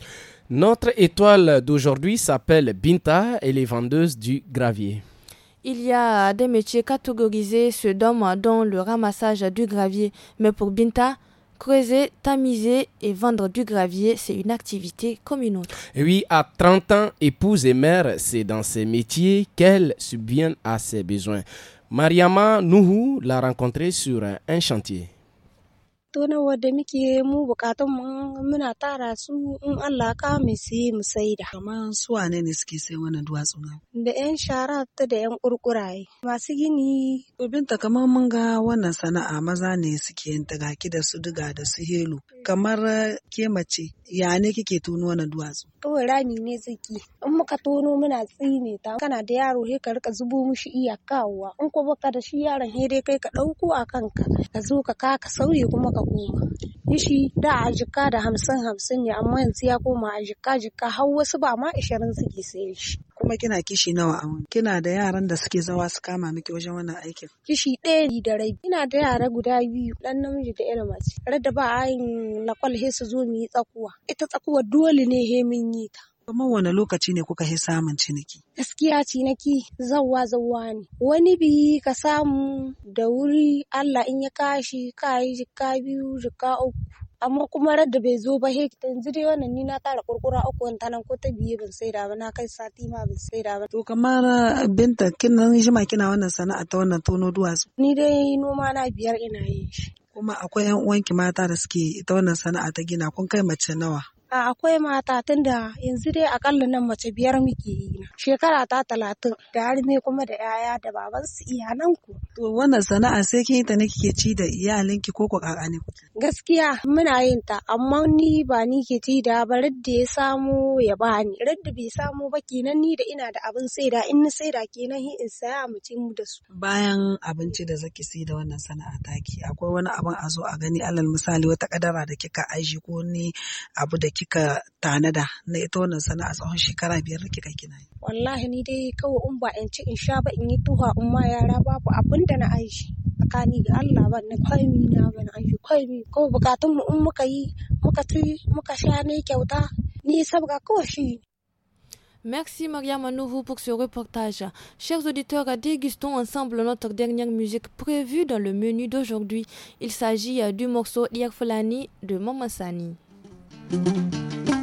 Notre étoile d'aujourd'hui s'appelle Binta, et les vendeuses du gravier. Il y a des métiers catégorisés, ce d'hommes dont le ramassage du gravier. Mais pour Binta, creuser, tamiser et vendre du gravier, c'est une activité comme une autre. oui, à 30 ans, épouse et mère, c'est dans ces métiers qu'elle subvient à ses besoins. Mariama Nuhu l'a rencontrée sur un chantier. tono wadda muke mu bukatun mu muna tara su in Allah ka mu sai mu saida kamar su wane ne suke sai wannan duwatsu na da yan shara ta da yan kurkuraye masu gini binta kamar mun ga wannan sana'a maza ne suke yin ta gaki da su diga da su helo kamar ke mace ya ne kike tono wannan duwatsu kawai rami ne zaki in muka tono muna tsine ta kana da yaro he ka rika zubo mushi iya kawowa in ko baka da shi yaron he dai kai ka dauko a kanka ka zo ka ka sauye kuma ka Kishi goma. Dishi da a jikka da hamsin hamsin ne amma yanzu ya koma a jikka jikka har wasu ba ma ishirin suke sayan shi. Kuma kina kishi nawa a wani? Kina da yaran da suke zawa su kama miki wajen wannan aikin? Kishi ɗaya ne da rabi. Ina da yara guda biyu ɗan namiji da ƴar mace. Rada ba a yin lakwal he su zo mu yi tsakuwa. Ita tsakuwa dole ne he mun yi ta. Kamar wane lokaci ne kuka yi samun ciniki? Gaskiya ciniki zawa zawa ne. Wani biyu ka samu da wuri Allah in ya kashi ka yi jikka biyu jikka uku. amma kuma da bai zo ba he yanzu dai wannan ni na tara kurkura uku wani tanan ko ta biye ban da ba na kai sati ma ban sai da ba to kamar eh, binta kina jima kina wannan sana'a ta wannan tono duwatsu ni dai noma na biyar ina yin shi kuma akwai yan uwanki mata da suke ita wannan sana'a ta gina kun kai mace nawa A akwai mata tunda yanzu dai akalla nan mace biyar muke yi. Shekara ta talatin da harme kuma da 'ya'ya da baban babansu iyalanku. To wannan sana'a sai kin yi ta ne kike ci da iyalinki ko ko ne Gaskiya muna yin ta amma ni ba ni ke ci da ba da ya samu ya bani. Radda bai samu ba kenan ni da ina da abin saida in sai saida kenan in saya mu ci mu da su. Bayan abinci da zaki sai da wannan sana'a taki akwai wani abin a zo a gani alal misali wata kadara da kika aji ko ni abu da kika tanada na ita wannan sana'a tsawon shekara biyar kika kina yi? Wallahi ni dai kawai in ba in ci in sha ba in yi tuha in ma yara babu abin da na aishi. tsakani ga Allah ba na kwaimi na ba na aishi kwaimi ko bukatun mu in muka yi muka ci muka sha ne kyauta ni sabga kawai shi Merci Mariam Manouhou pour ce reportage. Chers auditeurs, dégustons ensemble notre dernière musique prévue dans le menu d'aujourd'hui. Il s'agit euh, du morceau Yerfolani de Sani. Thank you.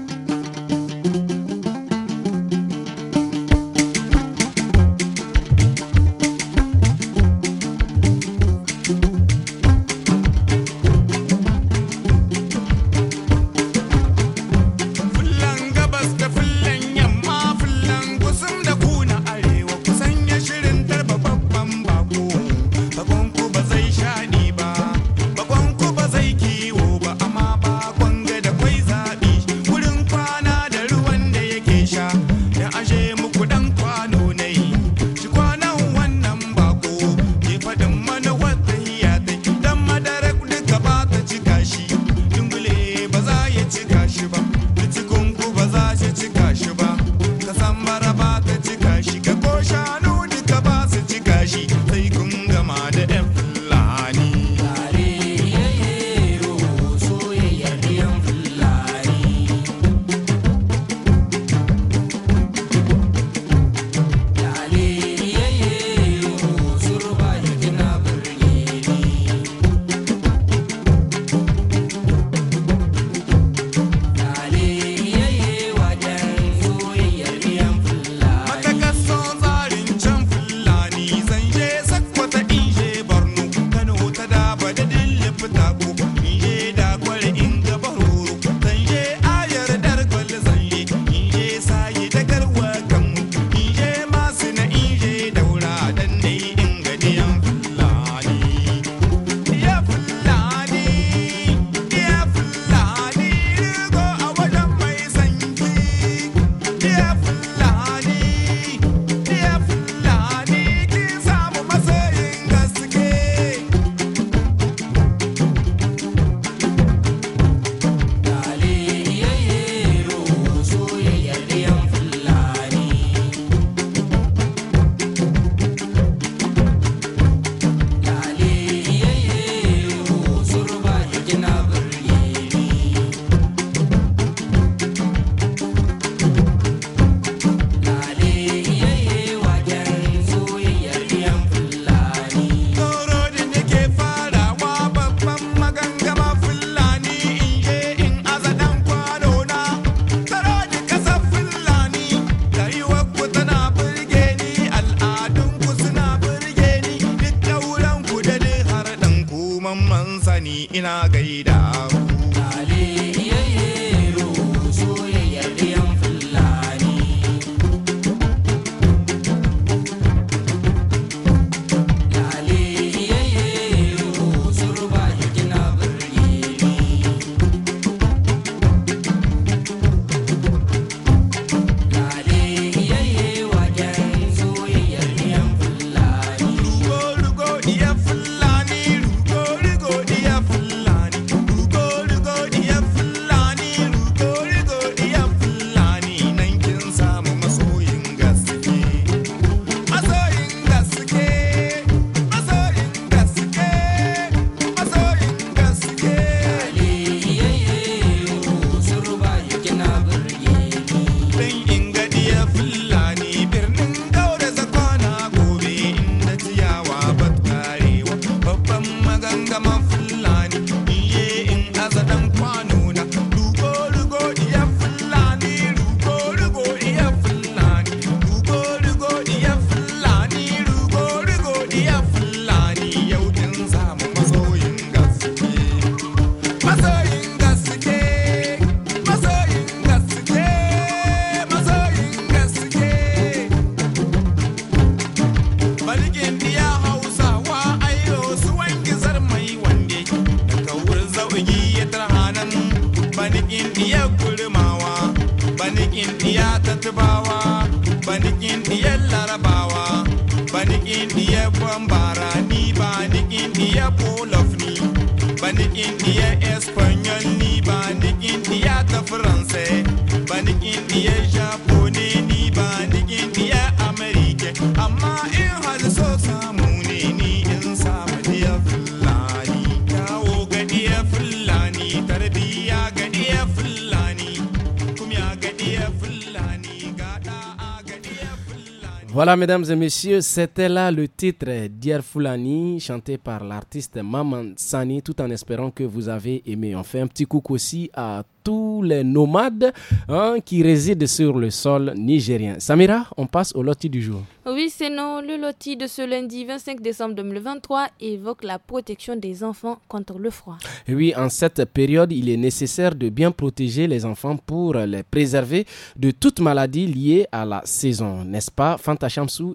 mesdames et messieurs, c'était là le titre Dier Foulani, chanté par l'artiste Maman Sani, tout en espérant que vous avez aimé. On fait un petit coucou aussi à tous les nomades hein, qui résident sur le sol nigérien. Samira, on passe au loti du jour. Oui, c'est non. Le loti de ce lundi 25 décembre 2023 évoque la protection des enfants contre le froid. oui, en cette période, il est nécessaire de bien protéger les enfants pour les préserver de toute maladie liée à la saison, n'est-ce pas, Fanta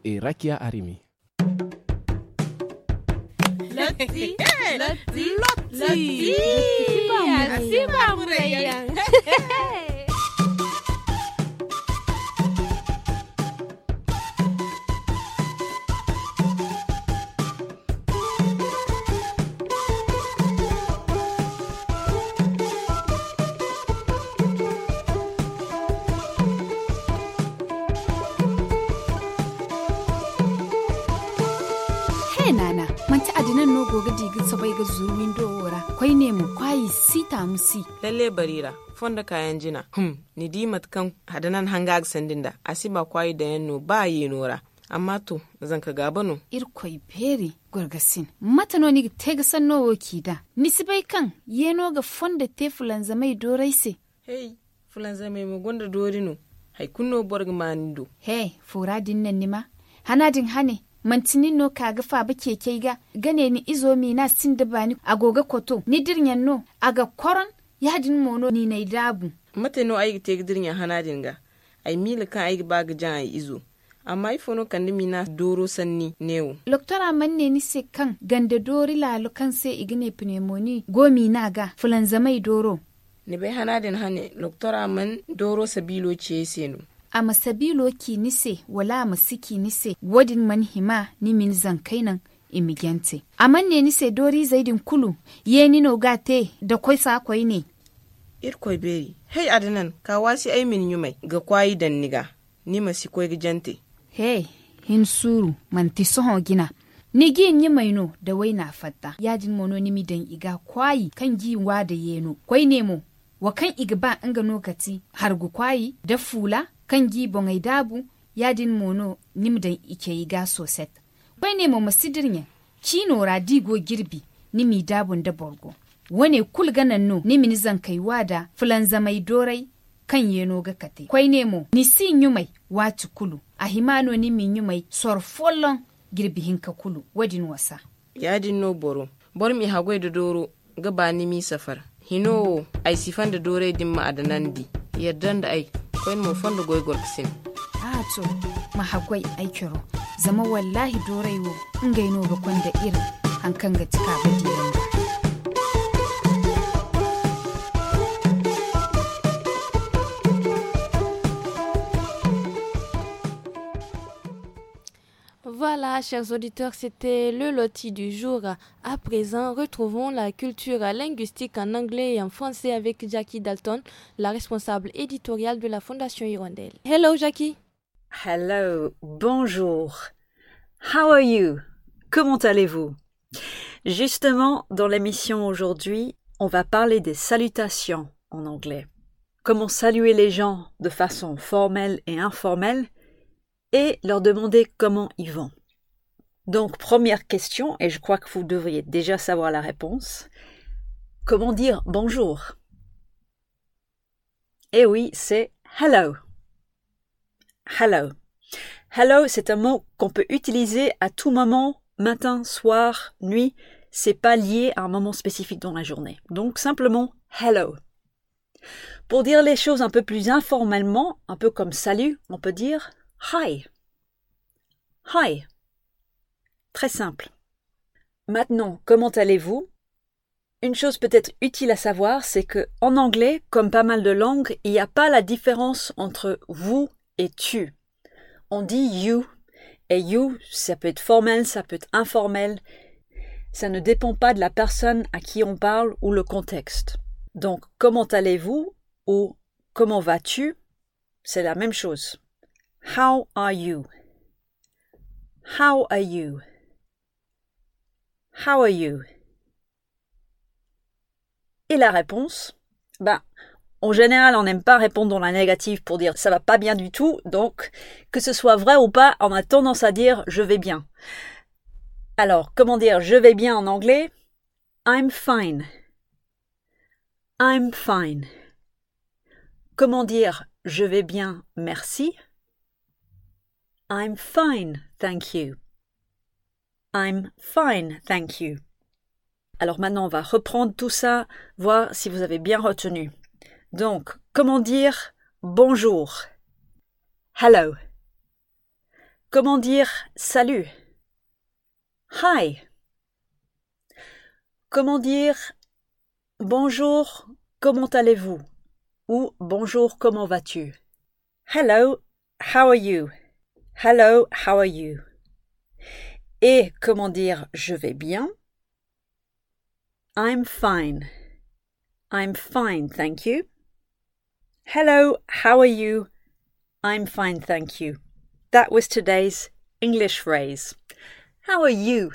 et Rakia Arimi? [laughs] Eh, Lati. Lati. Lati. Lati. Lati. Lati. Lati. no goga digi sabai ga zurumin dora kwai ne mu kwayi sita musi lalle barira fonda kayan jina hmm ni di matkan hadanan hanga sandin da asiba kwayi da yanno ba yi nora amma to zan ka gaba no kwai beri gwargasin mata no ni te ga san no da ni sibai kan yeno ga fonda te fulan zamai dorai se hey fulan zamai mu gonda no hay kunno borg hey dinnan nan nima hanadin hane mantinin no kaga fa ba keke ga gane ni izo mi na sin da bani goga koto ni dirnyan no a ga koron yadin mono ni nai dabu mata no ayi te dirnya hanadin ga ai mil kan ayi ba ga jan ai izo amma no kan ni na. doro sanni newo loktora manne ni se kan ganda dori lalu kan se igine pneumonia gomi na ga fulan zamai doro ni bai hanadin hane loktora man doro sabilo ce senu a masabilo ki nise wala masiki nise wadin man hima nimin zankainan imigente manne nise dori zaidin kulu ye nino gate da koi sa ne irkoi beri hei adinan ka wasi ai min yumai ga kwayi dan niga ni masi koi jante. Hei, hin suru manti soho gina ni gin yi maino da wai na fatta yajin mono nimi dan iga kwayi kan giwa da yeno kwai nemo wa kan igba an ga nokati hargu kwayi da fula kan gi bongai dabu yadin mono nimdan ike yi gaso set. Bai ne mu kino radigo girbi nimi dabun da borgo. Wane kul ganan no nimi zan kai wada fulan zamai dorai kan yeno ga kate. Kwai ne ni nisi nyumai watu kulu, a himano nimi nyumai sorfollon girbi hinka kulu wadin wasa. Yadin no boro, bor mi hagwai da doro gaba nimi safara. hino ay sifande dore dimma ada nandi yerdande ay koyn mo fondo goygol kisin a ah, to ma hagwai ay kiro zama wallahi dore wo gaino ba kwanda irin hankan ga tika ba Voilà, chers auditeurs, c'était le loti du jour. À présent, retrouvons la culture linguistique en anglais et en français avec Jackie Dalton, la responsable éditoriale de la Fondation Hirondelle. Hello, Jackie. Hello, bonjour. How are you? Comment allez-vous? Justement, dans l'émission aujourd'hui, on va parler des salutations en anglais. Comment saluer les gens de façon formelle et informelle et leur demander comment ils vont. Donc, première question, et je crois que vous devriez déjà savoir la réponse. Comment dire bonjour Eh oui, c'est hello. Hello. Hello, c'est un mot qu'on peut utiliser à tout moment, matin, soir, nuit. C'est pas lié à un moment spécifique dans la journée. Donc, simplement hello. Pour dire les choses un peu plus informellement, un peu comme salut, on peut dire Hi. Hi. Très simple. Maintenant, comment allez-vous Une chose peut-être utile à savoir, c'est que en anglais, comme pas mal de langues, il n'y a pas la différence entre vous et tu. On dit you et you, ça peut être formel, ça peut être informel. Ça ne dépend pas de la personne à qui on parle ou le contexte. Donc, comment allez-vous ou comment vas-tu C'est la même chose. How are you? How are you? How are you? Et la réponse Ben, en général, on n'aime pas répondre dans la négative pour dire ça va pas bien du tout, donc que ce soit vrai ou pas, on a tendance à dire je vais bien. Alors, comment dire je vais bien en anglais I'm fine. I'm fine. Comment dire je vais bien, merci I'm fine, thank you. I'm fine, thank you. Alors maintenant, on va reprendre tout ça, voir si vous avez bien retenu. Donc, comment dire bonjour Hello. Comment dire salut Hi. Comment dire bonjour, comment allez-vous Ou bonjour, comment vas-tu Hello, how are you Hello, how are you? Et comment dire je vais bien? I'm fine. I'm fine, thank you. Hello, how are you? I'm fine, thank you. That was today's English phrase. How are you?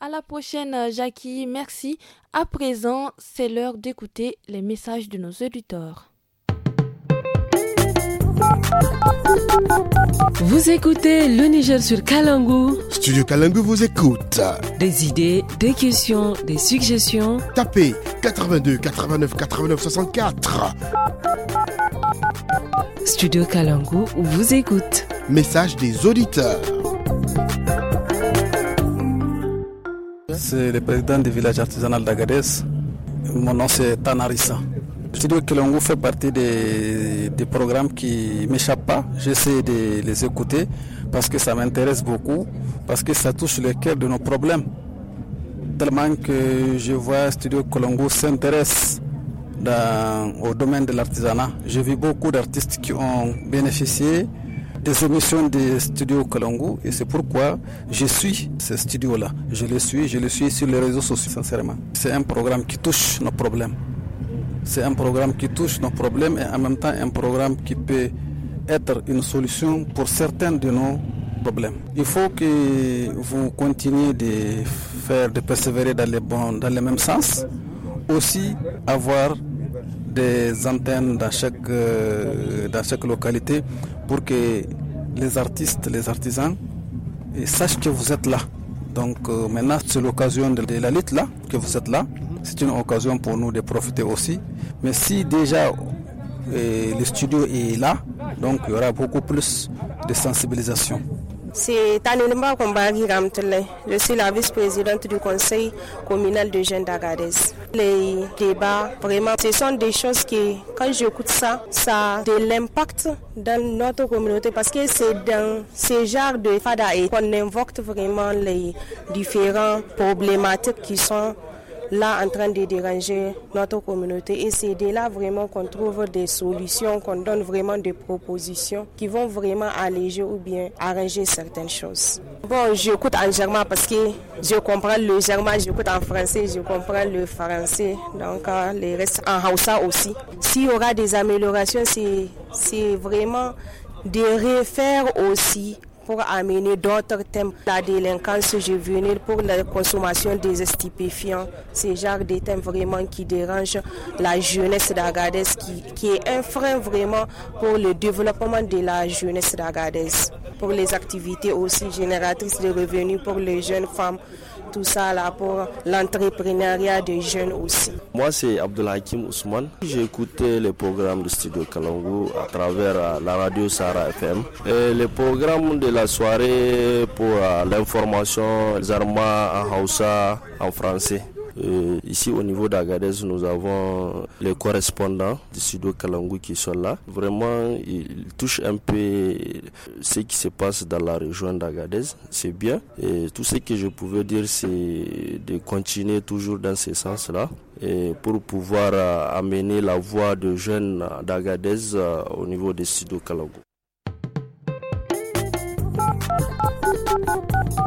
À la prochaine, euh, Jackie. Merci. À présent, c'est l'heure d'écouter les messages de nos auditeurs. Vous écoutez le Niger sur Kalangu. Studio Kalangu vous écoute. Des idées, des questions, des suggestions. Tapez 82 89 89 64. Studio Kalangu vous écoute. Message des auditeurs. C'est le président du village artisanal d'Agadez. Mon nom c'est Tanarissa. Studio Kilango fait partie des, programmes qui m'échappent pas. J'essaie de les écouter parce que ça m'intéresse beaucoup, parce que ça touche le cœur de nos problèmes. Tellement que je vois Studio Colongo s'intéresse au domaine de l'artisanat. J'ai vu beaucoup d'artistes qui ont bénéficié des émissions de studio Colongo et c'est pourquoi je suis ce studio-là. Je le suis, je le suis sur les réseaux sociaux, sincèrement. C'est un programme qui touche nos problèmes c'est un programme qui touche nos problèmes et en même temps un programme qui peut être une solution pour certains de nos problèmes. Il faut que vous continuiez de faire, de persévérer dans dans le même sens. Aussi avoir des antennes dans chaque, euh, dans chaque localité pour que les artistes, les artisans sachent que vous êtes là. Donc euh, maintenant c'est l'occasion de la lutte là que vous êtes là c'est une occasion pour nous de profiter aussi. Mais si déjà euh, le studio est là, donc il y aura beaucoup plus de sensibilisation. C'est Kombagi Je suis la vice-présidente du conseil communal de jeunes d'Agadez. Les débats, vraiment, ce sont des choses qui, quand j'écoute ça, ça a de l'impact dans notre communauté parce que c'est dans ce genre de fadaï qu'on invoque vraiment les différentes problématiques qui sont là en train de déranger notre communauté. Et c'est de là vraiment qu'on trouve des solutions, qu'on donne vraiment des propositions qui vont vraiment alléger ou bien arranger certaines choses. Bon, j'écoute en germain parce que je comprends le germain, j'écoute en français, je comprends le français, donc euh, les restes en haussa aussi. S'il y aura des améliorations, c'est vraiment de refaire aussi pour amener d'autres thèmes, la délinquance juvénile pour la consommation des stupéfiants, ce genre de thèmes vraiment qui dérange la jeunesse d'Agadez, qui, qui, est un frein vraiment pour le développement de la jeunesse d'Agadez, pour les activités aussi génératrices de revenus pour les jeunes femmes tout ça là pour l'entrepreneuriat des jeunes aussi. Moi, c'est Abdelhakim Ousmane. J'ai écouté le programme de Studio Kalangu à travers euh, la radio Sarah FM. Et le programme de la soirée pour euh, l'information, les armes en Hausa, en français. Euh, ici au niveau d'Agadez, nous avons les correspondants du sud Kalangou qui sont là. Vraiment, ils touchent un peu ce qui se passe dans la région d'Agadez. C'est bien. Et tout ce que je pouvais dire, c'est de continuer toujours dans ce sens-là et pour pouvoir euh, amener la voix de jeunes d'Agadez euh, au niveau de Sido Kalangou.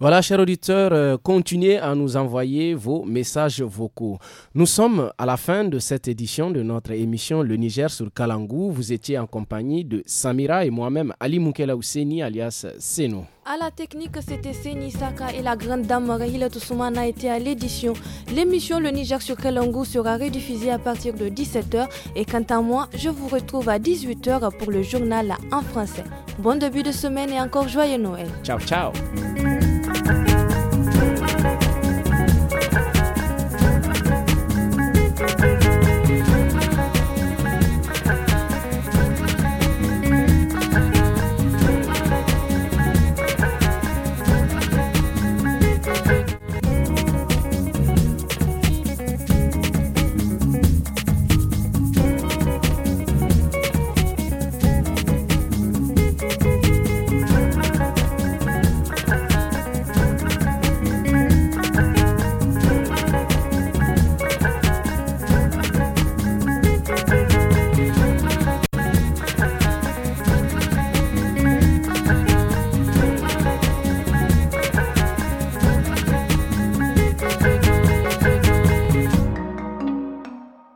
Voilà, chers auditeurs, euh, continuez à nous envoyer vos messages vocaux. Nous sommes à la fin de cette édition de notre émission Le Niger sur Kalangou. Vous étiez en compagnie de Samira et moi-même, Ali Moukela ousseni alias Seno. À la technique, c'était Seni Saka et la grande dame Rahila a été à l'édition. L'émission Le Niger sur Kalangou sera rediffusée à partir de 17h. Et quant à moi, je vous retrouve à 18h pour le journal en français. Bon début de semaine et encore joyeux Noël. Ciao, ciao. Thank you.